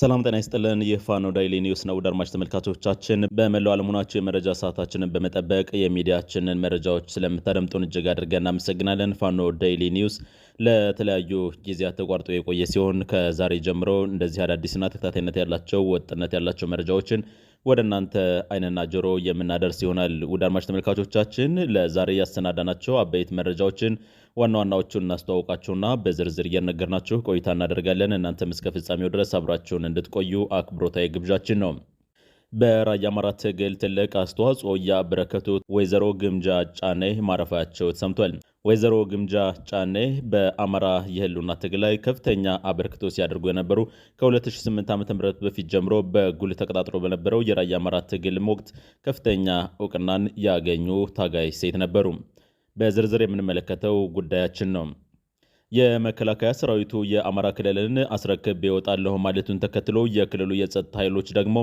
ሰላም ጤና ይስጥልን። ይህ ፋኖ ዳይሊ ኒውስ ነው። ውድ አድማጭ ተመልካቾቻችን በመላው ዓለሙናቸው የመረጃ ሰዓታችንን በመጠበቅ የሚዲያችንን መረጃዎች ስለምታደምጡን እጅግ አድርገን እናመሰግናለን። ፋኖ ዳይሊ ኒውስ ለተለያዩ ጊዜያት ተቋርጦ የቆየ ሲሆን ከዛሬ ጀምሮ እንደዚህ አዳዲስና ተከታታይነት ያላቸው ወጥነት ያላቸው መረጃዎችን ወደ እናንተ አይንና ጆሮ የምናደርስ ይሆናል። ውድ አድማጭ ተመልካቾቻችን ለዛሬ ያሰናዳናቸው አበይት መረጃዎችን ዋና ዋናዎቹን እናስተዋውቃችሁና በዝርዝር እየነገርናችሁ ቆይታ እናደርጋለን። እናንተም እስከ ፍጻሜው ድረስ አብራችሁን እንድትቆዩ አክብሮታዊ ግብዣችን ነው። በራያ አማራ ትግል ትልቅ አስተዋጽኦ ያበረከቱት ወይዘሮ ግምጃ ጫኔ ማረፋቸው ተሰምቷል። ወይዘሮ ግምጃ ጫኔ በአማራ የህልውና ትግል ላይ ከፍተኛ አበርክቶ ሲያደርጉ የነበሩ ከ2008 ም በፊት ጀምሮ በጉል ተቀጣጥሮ በነበረው የራያ አማራ ትግልም ወቅት ከፍተኛ እውቅናን ያገኙ ታጋይ ሴት ነበሩ። በዝርዝር የምንመለከተው ጉዳያችን ነው። የመከላከያ ሰራዊቱ የአማራ ክልልን አስረክብ ይወጣለሁ ማለቱን ተከትሎ የክልሉ የጸጥታ ኃይሎች ደግሞ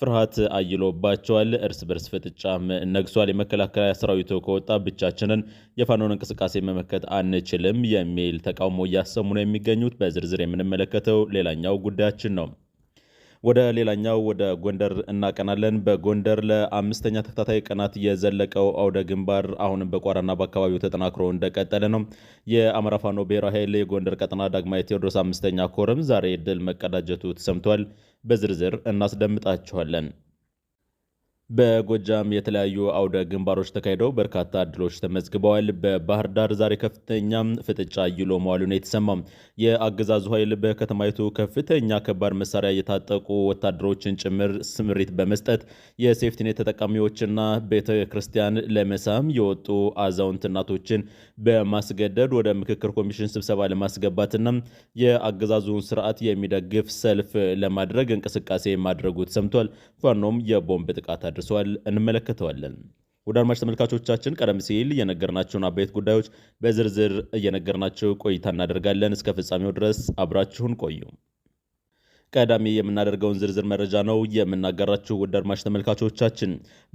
ፍርሃት አይሎባቸዋል። እርስ በርስ ፍጥጫም ነግሷል። የመከላከያ ሰራዊቱ ከወጣ ብቻችንን የፋኖን እንቅስቃሴ መመከት አንችልም የሚል ተቃውሞ እያሰሙ ነው የሚገኙት። በዝርዝር የምንመለከተው ሌላኛው ጉዳያችን ነው። ወደ ሌላኛው ወደ ጎንደር እናቀናለን። በጎንደር ለአምስተኛ ተከታታይ ቀናት የዘለቀው አውደ ግንባር አሁንም በቋራና በአካባቢው ተጠናክሮ እንደቀጠለ ነው። የአማራ ፋኖ ብሔራዊ ኃይል የጎንደር ቀጠና ዳግማዊ ቴዎድሮስ አምስተኛ ኮርም ዛሬ ድል መቀዳጀቱ ተሰምቷል። በዝርዝር እናስደምጣችኋለን። በጎጃም የተለያዩ አውደ ግንባሮች ተካሂደው በርካታ እድሎች ተመዝግበዋል። በባህር ዳር ዛሬ ከፍተኛ ፍጥጫ ይሎ መዋሉ ነው የተሰማም። የአገዛዙ ኃይል በከተማይቱ ከፍተኛ ከባድ መሳሪያ የታጠቁ ወታደሮችን ጭምር ስምሪት በመስጠት የሴፍቲኔት ተጠቃሚዎችና ቤተ ክርስቲያን ለመሳም የወጡ አዛውንት እናቶችን በማስገደድ ወደ ምክክር ኮሚሽን ስብሰባ ለማስገባትና የአገዛዙን ስርዓት የሚደግፍ ሰልፍ ለማድረግ እንቅስቃሴ ማድረጉ ተሰምቷል። ፋኖም የቦምብ ጥቃት አድርሰዋል። እንመለከተዋለን። ወደ አድማጭ ተመልካቾቻችን ቀደም ሲል የነገርናቸውን አበይት ጉዳዮች በዝርዝር እየነገርናቸው ቆይታ እናደርጋለን። እስከ ፍጻሜው ድረስ አብራችሁን ቆዩ። ቀዳሚ የምናደርገውን ዝርዝር መረጃ ነው የምናገራችሁ። ውድ አድማጭ ተመልካቾቻችን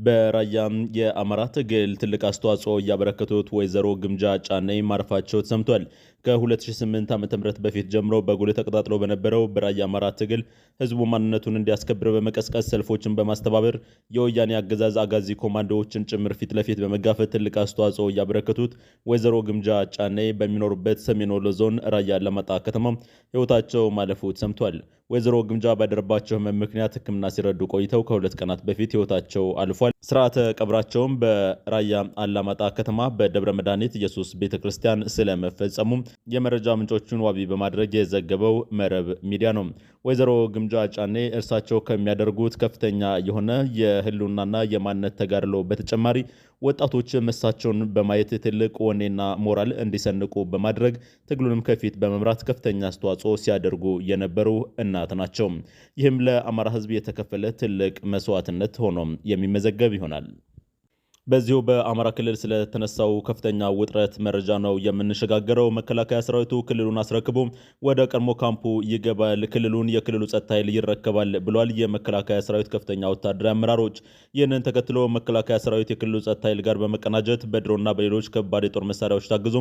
በራያም የአማራ ትግል ትልቅ አስተዋጽኦ እያበረከቱት ወይዘሮ ግምጃ ጫኔ ማረፋቸው ተሰምቷል። ከ2008 ም በፊት ጀምሮ በጉልህ ተቀጣጥሎ በነበረው በራያ አማራ ትግል ህዝቡ ማንነቱን እንዲያስከብር በመቀስቀስ ሰልፎችን በማስተባበር የወያኔ አገዛዝ አጋዚ ኮማንዶዎችን ጭምር ፊት ለፊት በመጋፈት ትልቅ አስተዋጽኦ እያበረከቱት ወይዘሮ ግምጃ ጫኔ በሚኖሩበት ሰሜን ወሎ ዞን ራያ አላማጣ ከተማ ህይወታቸው ማለፉ ተሰምቷል። ወይዘሮ ወይዘሮ ግምጃ ባደረባቸው ህመም ምክንያት ህክምና ሲረዱ ቆይተው ከሁለት ቀናት በፊት ህይወታቸው አልፏል። ስርዓተ ቀብራቸውም በራያ አላማጣ ከተማ በደብረ መድኃኒት ኢየሱስ ቤተ ክርስቲያን ስለመፈጸሙ የመረጃ ምንጮቹን ዋቢ በማድረግ የዘገበው መረብ ሚዲያ ነው። ወይዘሮ ግምጃ ጫኔ እርሳቸው ከሚያደርጉት ከፍተኛ የሆነ የህልውናና የማንነት ተጋድሎ በተጨማሪ ወጣቶች መሳቸውን በማየት ትልቅ ወኔና ሞራል እንዲሰንቁ በማድረግ ትግሉንም ከፊት በመምራት ከፍተኛ አስተዋጽኦ ሲያደርጉ የነበሩ እናት አባላት ናቸው። ይህም ለአማራ ህዝብ የተከፈለ ትልቅ መስዋዕትነት ሆኖም የሚመዘገብ ይሆናል። በዚሁ በአማራ ክልል ስለተነሳው ከፍተኛ ውጥረት መረጃ ነው የምንሸጋገረው። መከላከያ ሰራዊቱ ክልሉን አስረክቦ ወደ ቀድሞ ካምፑ ይገባል፣ ክልሉን የክልሉ ጸጥታ ኃይል ይረከባል ብሏል የመከላከያ ሰራዊት ከፍተኛ ወታደራዊ አመራሮች። ይህንን ተከትሎ መከላከያ ሰራዊት የክልሉ ጸጥታ ኃይል ጋር በመቀናጀት በድሮና በሌሎች ከባድ የጦር መሳሪያዎች ታግዞ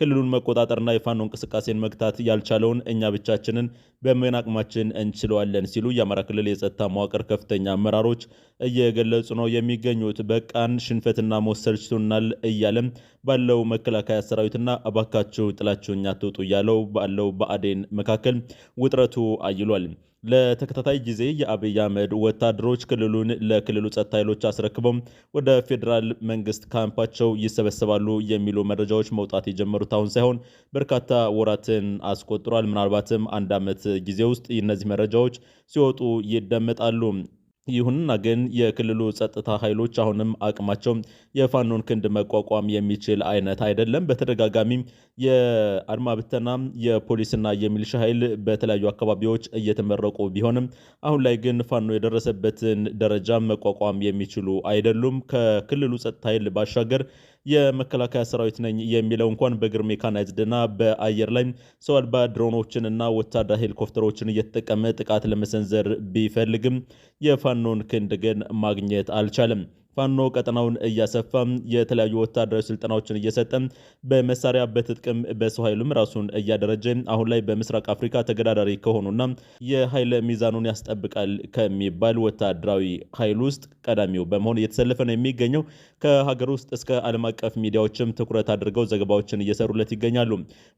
ክልሉን መቆጣጠርና የፋኖ እንቅስቃሴን መግታት ያልቻለውን እኛ ብቻችንን በምን አቅማችን እንችለዋለን ሲሉ የአማራ ክልል የጸጥታ መዋቅር ከፍተኛ አመራሮች እየገለጹ ነው የሚገኙት። በቃን ሽንፈትና መወሰድ ችቶናል እያለም ባለው መከላከያ ሰራዊትና አባካቸው ጥላቸው እኛ እያለው ባለው በአዴን መካከል ውጥረቱ አይሏል። ለተከታታይ ጊዜ የአብይ አህመድ ወታደሮች ክልሉን ለክልሉ ጸጥታ ኃይሎች አስረክበው ወደ ፌዴራል መንግስት ካምፓቸው ይሰበሰባሉ የሚሉ መረጃዎች መውጣት የጀመሩት አሁን ሳይሆን በርካታ ወራትን አስቆጥሯል። ምናልባትም አንድ ዓመት ጊዜ ውስጥ እነዚህ መረጃዎች ሲወጡ ይደመጣሉ። ይሁንና ግን የክልሉ ጸጥታ ኃይሎች አሁንም አቅማቸው የፋኖን ክንድ መቋቋም የሚችል አይነት አይደለም። በተደጋጋሚ የአድማ ብተና የፖሊስና የሚሊሻ ኃይል በተለያዩ አካባቢዎች እየተመረቁ ቢሆንም አሁን ላይ ግን ፋኖ የደረሰበትን ደረጃ መቋቋም የሚችሉ አይደሉም። ከክልሉ ጸጥታ ኃይል ባሻገር የመከላከያ ሰራዊት ነኝ የሚለው እንኳን በእግር ሜካናይዝድና በአየር ላይ ሰው አልባ ድሮኖችን እና ሄሊኮፕተሮችን እየተጠቀመ ጥቃት ለመሰንዘር ቢፈልግም የፋኖን ክንድ ግን ማግኘት አልቻለም። ፋኖ ቀጠናውን እያሰፋ የተለያዩ ወታደራዊ ስልጠናዎችን እየሰጠ በመሳሪያ በትጥቅም በሰው ኃይሉም ራሱን እያደረጀ አሁን ላይ በምስራቅ አፍሪካ ተገዳዳሪ ከሆኑና የኃይል ሚዛኑን ያስጠብቃል ከሚባል ወታደራዊ ኃይል ውስጥ ቀዳሚው በመሆን እየተሰለፈ ነው የሚገኘው። ከሀገር ውስጥ እስከ ዓለም አቀፍ ሚዲያዎችም ትኩረት አድርገው ዘገባዎችን እየሰሩለት ይገኛሉ።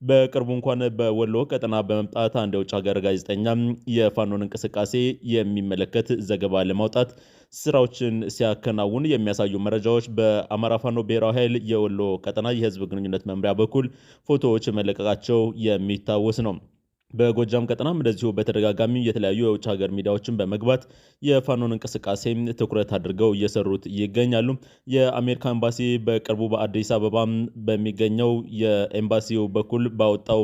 በቅርቡ እንኳን በወሎ ቀጠና በመምጣት አንድ የውጭ ሀገር ጋዜጠኛ የፋኖን እንቅስቃሴ የሚመለከት ዘገባ ለማውጣት ስራዎችን ሲያከናውን የሚያሳዩ መረጃዎች በአማራ ፋኖ ብሔራዊ ኃይል የወሎ ቀጠና የህዝብ ግንኙነት መምሪያ በኩል ፎቶዎች መለቀቃቸው የሚታወስ ነው። በጎጃም ቀጠናም እንደዚሁ በተደጋጋሚ የተለያዩ የውጭ ሀገር ሚዲያዎችን በመግባት የፋኖን እንቅስቃሴ ትኩረት አድርገው እየሰሩት ይገኛሉ። የአሜሪካ ኤምባሲ በቅርቡ በአዲስ አበባ በሚገኘው የኤምባሲው በኩል ባወጣው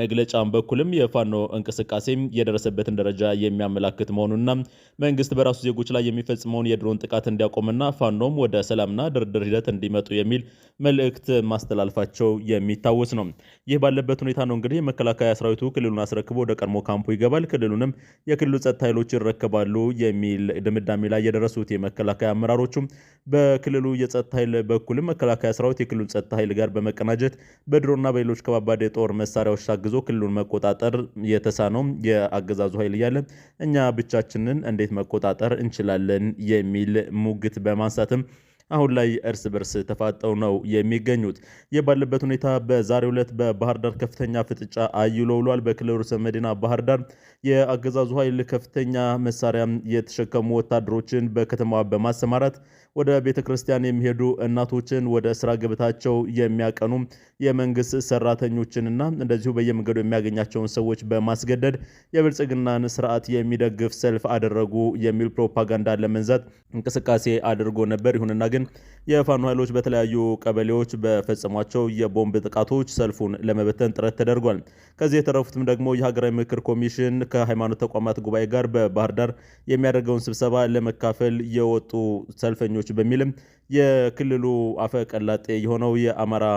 መግለጫም በኩልም የፋኖ እንቅስቃሴ የደረሰበትን ደረጃ የሚያመላክት መሆኑና መንግስት በራሱ ዜጎች ላይ የሚፈጽመውን የድሮን ጥቃት እንዲያቆምና ፋኖም ወደ ሰላምና ድርድር ሂደት እንዲመጡ የሚል መልእክት ማስተላለፋቸው የሚታወስ ነው። ይህ ባለበት ሁኔታ ነው እንግዲህ የመከላከያ ሰራዊቱ ክልሉን አስረክቦ ወደ ቀድሞ ካምፑ ይገባል፣ ክልሉንም የክልሉ ጸጥታ ኃይሎች ይረከባሉ የሚል ድምዳሜ ላይ የደረሱት የመከላከያ አመራሮቹም በክልሉ የጸጥታ ኃይል በኩልም መከላከያ ሰራዊት የክልሉን ጸጥታ ኃይል ጋር በመቀናጀት በድሮና በሌሎች ከባባድ የጦር መሳሪያዎች አግዞ ክልሉን መቆጣጠር የተሳነው የአገዛዙ ኃይል እያለ እኛ ብቻችንን እንዴት መቆጣጠር እንችላለን የሚል ሙግት በማንሳትም አሁን ላይ እርስ በርስ ተፋጠው ነው የሚገኙት። ይህ ባለበት ሁኔታ በዛሬው ዕለት በባህር ዳር ከፍተኛ ፍጥጫ አይሎ ውሏል። በክልል ርዕሰ መዲና ባህር ዳር የአገዛዙ ኃይል ከፍተኛ መሳሪያ የተሸከሙ ወታደሮችን በከተማ በማሰማራት ወደ ቤተ ክርስቲያን የሚሄዱ እናቶችን፣ ወደ ስራ ገበታቸው የሚያቀኑ የመንግስት ሰራተኞችንና እንደዚሁ በየመንገዱ የሚያገኛቸውን ሰዎች በማስገደድ የብልጽግናን ስርዓት የሚደግፍ ሰልፍ አደረጉ የሚል ፕሮፓጋንዳ ለመንዛት እንቅስቃሴ አድርጎ ነበር። ይሁንና ግን የፋኖ ኃይሎች በተለያዩ ቀበሌዎች በፈጸሟቸው የቦምብ ጥቃቶች ሰልፉን ለመበተን ጥረት ተደርጓል። ከዚህ የተረፉትም ደግሞ የሀገራዊ ምክር ኮሚሽን ከሃይማኖት ተቋማት ጉባኤ ጋር በባህር ዳር የሚያደርገውን ስብሰባ ለመካፈል የወጡ ሰልፈኞች በሚልም የክልሉ አፈቀላጤ የሆነው የአማራ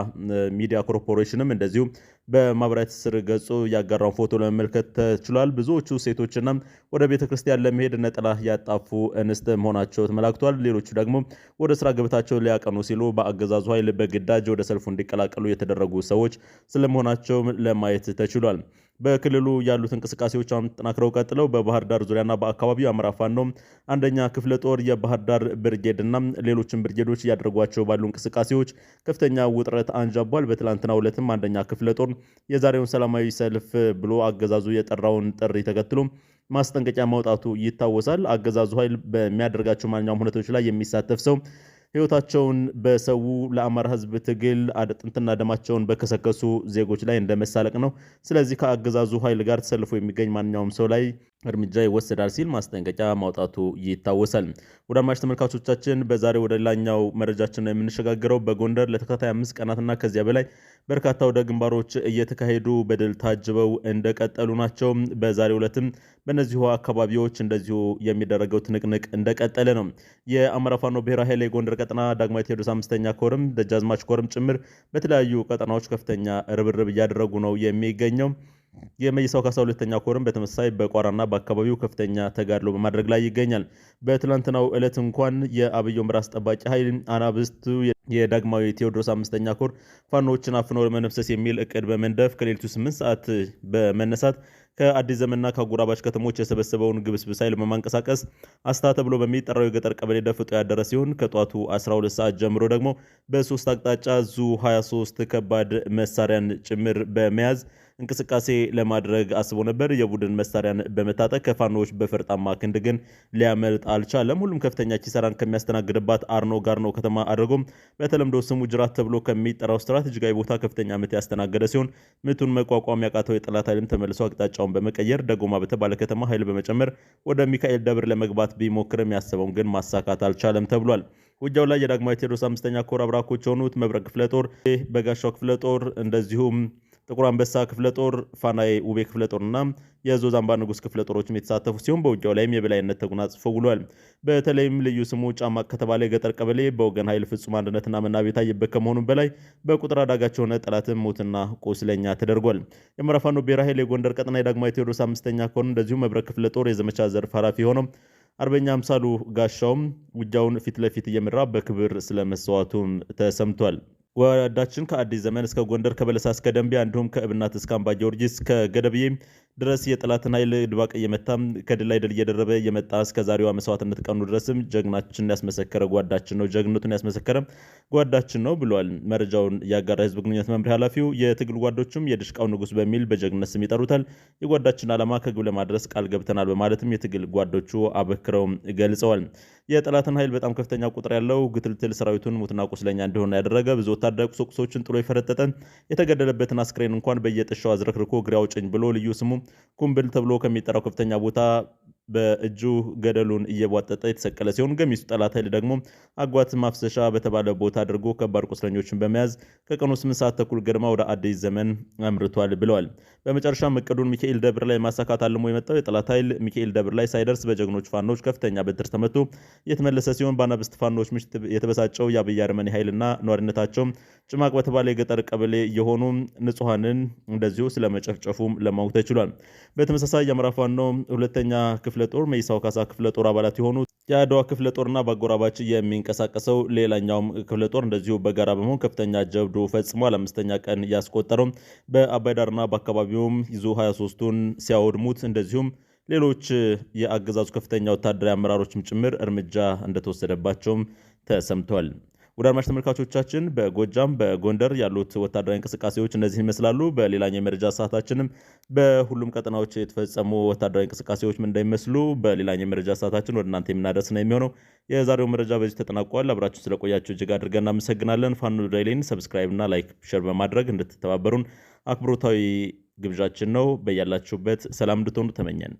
ሚዲያ ኮርፖሬሽንም እንደዚሁ በማብራት ስር ገጹ ያጋራውን ፎቶ ለመመልከት ተችሏል። ብዙዎቹ ሴቶችና ወደ ቤተ ክርስቲያን ለመሄድ ነጠላ ያጣፉ እንስት መሆናቸው ተመላክቷል። ሌሎቹ ደግሞ ወደ ስራ ገበታቸው ሊያቀኑ ሲሉ በአገዛዙ ኃይል በግዳጅ ወደ ሰልፉ እንዲቀላቀሉ የተደረጉ ሰዎች ስለመሆናቸው ለማየት ተችሏል። በክልሉ ያሉት እንቅስቃሴዎች አሁን ቀጥለው በባህር ዳር ዙሪያና በአካባቢው አማራ ፋኖ አንደኛ ክፍለ ጦር የባህር ዳር ብርጌድና ሌሎችም ብርጌዶች እያደረጓቸው ባሉ እንቅስቃሴዎች ከፍተኛ ውጥረት አንዣቧል። በትላንትናው ዕለትም አንደኛ ክፍለ ጦር የዛሬውን ሰላማዊ ሰልፍ ብሎ አገዛዙ የጠራውን ጥሪ ተከትሎ ማስጠንቀቂያ ማውጣቱ ይታወሳል። አገዛዙ ኃይል በሚያደርጋቸው ማንኛውም ሁነቶች ላይ የሚሳተፍ ሰው ህይወታቸውን በሰው ለአማራ ህዝብ ትግል አጥንትና ደማቸውን በከሰከሱ ዜጎች ላይ እንደመሳለቅ ነው። ስለዚህ ከአገዛዙ ኃይል ጋር ተሰልፎ የሚገኝ ማንኛውም ሰው ላይ እርምጃ ይወሰዳል ሲል ማስጠንቀቂያ ማውጣቱ ይታወሳል። ወዳማሽ ተመልካቾቻችን በዛሬ ወደ ሌላኛው መረጃችን ነው የምንሸጋገረው። በጎንደር ለተከታታይ አምስት ቀናትና ከዚያ በላይ በርካታ ወደ ግንባሮች እየተካሄዱ በድል ታጅበው እንደቀጠሉ ናቸው። በዛሬ ዕለትም በእነዚሁ አካባቢዎች እንደዚሁ የሚደረገው ትንቅንቅ እንደቀጠለ ነው። የአማራ ፋኖ ብሔራዊ ኃይል የጎንደር ቀጠና ዳግማዊ ቴዎድሮስ አምስተኛ ኮርም ደጃዝማች ኮርም ጭምር በተለያዩ ቀጠናዎች ከፍተኛ ርብርብ እያደረጉ ነው የሚገኘው የመይሳው ካሳ ሁለተኛ ኮርም በተመሳሳይ በቋራና በአካባቢው ከፍተኛ ተጋድሎ በማድረግ ላይ ይገኛል። በትላንትናው ዕለት እንኳን የአብዮ ምራስ ጠባቂ ኃይል አናብስቱ የዳግማዊ ቴዎድሮስ አምስተኛ ኮር ፋኖዎችን አፍኖ ለመደምሰስ የሚል እቅድ በመንደፍ ከሌሊቱ 8 ሰዓት በመነሳት ከአዲስ ዘመንና ከአጎራባች ከተሞች የሰበሰበውን ግብስብስ ኃይል በማንቀሳቀስ አስታ ተብሎ በሚጠራው የገጠር ቀበሌ ደፍጦ ያደረ ሲሆን ከጧቱ 12 ሰዓት ጀምሮ ደግሞ በሶስት አቅጣጫ ዙ 23 ከባድ መሳሪያን ጭምር በመያዝ እንቅስቃሴ ለማድረግ አስቦ ነበር። የቡድን መሳሪያን በመታጠቅ ከፋኖዎች በፈርጣማ ክንድ ግን ሊያመልጥ አልቻለም። ሁሉም ከፍተኛ ኪሳራን ከሚያስተናግድባት አርኖ ጋርኖ ከተማ አድርጎም በተለምዶ ስሙ ጅራት ተብሎ ከሚጠራው ስትራቴጂካዊ ቦታ ከፍተኛ ምት ያስተናገደ ሲሆን ምቱን መቋቋም ያቃተው የጠላት ኃይልም ተመልሶ አቅጣጫው ቦታውን በመቀየር ደጎማ በተባለ ከተማ ኃይል በመጨመር ወደ ሚካኤል ደብር ለመግባት ቢሞክርም ያሰበውን ግን ማሳካት አልቻለም ተብሏል። ውጊያው ላይ የዳግማዊ ቴዎድሮስ አምስተኛ ኮር አብራኮች የሆኑት መብረቅ ክፍለ ጦር፣ በጋሻው ክፍለ ጦር እንደዚሁም ጥቁር አንበሳ ክፍለ ጦር፣ ፋናይ ውቤ ክፍለ ጦርና የዞዛምባ ንጉስ ክፍለ ጦሮችም የተሳተፉ ሲሆን በውጊያው ላይም የበላይነት ተጎናጽፎ ውሏል። በተለይም ልዩ ስሙ ጫማ ከተባለ የገጠር ቀበሌ በወገን ኃይል ፍጹም አንድነትና መናብ የታየበት ከመሆኑም በላይ በቁጥር አዳጋች የሆነ ጠላትም ሞትና ቁስለኛ ተደርጓል። የአማራ ፋኖ ብሔራዊ ኃይል የጎንደር ቀጠና የዳግማዊ ቴዎድሮስ አምስተኛ ከሆኑ እንደዚሁም መብረቅ ክፍለ ጦር የዘመቻ ዘርፍ ኃላፊ ሆነው አርበኛ አምሳሉ ጋሻውም ውጊያውን ፊት ለፊት እየመራ በክብር ስለመሰዋቱም ተሰምቷል። ወረዳችን ከአዲስ ዘመን እስከ ጎንደር ከበለሳ እስከ ደንቢያ እንዲሁም ከእብናት እስከ አምባ ጊዮርጊስ ከገደብዬ ድረስ የጠላትን ኃይል ድባቅ እየመታ ከድል ላይ ድል እየደረበ የመጣ እስከ ዛሬዋ መስዋዕትነት ቀኑ ድረስም ጀግናችን ያስመሰከረ ጓዳችን ነው፣ ጀግንነቱን ያስመሰከረ ጓዳችን ነው ብሏል። መረጃውን ያጋራ ህዝብ ግንኙነት መምሪያ ኃላፊው የትግል ጓዶችም የድሽቃው ንጉስ በሚል በጀግነት ስም ይጠሩታል። የጓዳችን ዓላማ ከግብ ለማድረስ ቃል ገብተናል በማለትም የትግል ጓዶቹ አበክረው ገልጸዋል። የጠላትን ኃይል በጣም ከፍተኛ ቁጥር ያለው ግትልትል ሰራዊቱን ሙትና ቁስለኛ እንደሆነ ያደረገ ብዙ ወታደር ቁሳቁሶችን ጥሎ የፈረጠጠ የተገደለበትን አስክሬን እንኳን በየጥሻው አዝረክርኮ ግሪያው ጭኝ ብሎ ልዩ ስሙ ኩምብል ተብሎ ከሚጠራው ከፍተኛ ቦታ በእጁ ገደሉን እየቧጠጠ የተሰቀለ ሲሆን ገሚሱ ጠላት ኃይል ደግሞ አጓት ማፍሰሻ በተባለ ቦታ አድርጎ ከባድ ቁስለኞችን በመያዝ ከቀኑ ስምንት ሰዓት ተኩል ገድማ ወደ አዲስ ዘመን አምርቷል ብለዋል። በመጨረሻም እቅዱን ሚካኤል ደብር ላይ ማሳካት አልሞ የመጣው የጠላት ኃይል ሚካኤል ደብር ላይ ሳይደርስ በጀግኖች ፋኖች ከፍተኛ በትር ተመቶ የተመለሰ ሲሆን በአናብስት ፋኖች ምሽት የተበሳጨው የአብይ አርመኔ ኃይልና ኗሪነታቸው ጭማቅ በተባለ የገጠር ቀበሌ የሆኑ ንጹሐንን እንደዚሁ ስለመጨፍጨፉም ለማወቅ ተችሏል። በተመሳሳይ የአማራ ፋኖ ሁለተኛ ክፍል ክፍለ ጦር፣ መይሳው ካሳ ክፍለ ጦር አባላት የሆኑት የአድዋ ክፍለ ጦርና በአጎራባች የሚንቀሳቀሰው ሌላኛውም ክፍለ ጦር እንደዚሁ በጋራ በመሆን ከፍተኛ ጀብዱ ፈጽሟል። አምስተኛ ቀን እያስቆጠረው በአባይ ዳርና በአካባቢውም ይዞ 23ቱን ሲያወድሙት እንደዚሁም ሌሎች የአገዛዙ ከፍተኛ ወታደራዊ አመራሮችም ጭምር እርምጃ እንደተወሰደባቸውም ተሰምቷል። ወደ አድማጭ ተመልካቾቻችን በጎጃም በጎንደር ያሉት ወታደራዊ እንቅስቃሴዎች እነዚህን ይመስላሉ። በሌላኛው የመረጃ ሰዓታችንም በሁሉም ቀጠናዎች የተፈጸሙ ወታደራዊ እንቅስቃሴዎች ምን እንደሚመስሉ በሌላኛው የመረጃ ሰዓታችን ወደ እናንተ የምናደርስ ነው የሚሆነው። የዛሬው መረጃ በዚህ ተጠናቋል። አብራችን ስለቆያችሁ እጅግ አድርገን እናመሰግናለን። ፋኖ ዳይሌን ሰብስክራይብ እና ላይክ፣ ሸር በማድረግ እንድትተባበሩን አክብሮታዊ ግብዣችን ነው። በያላችሁበት ሰላም እንድትሆኑ ተመኘን።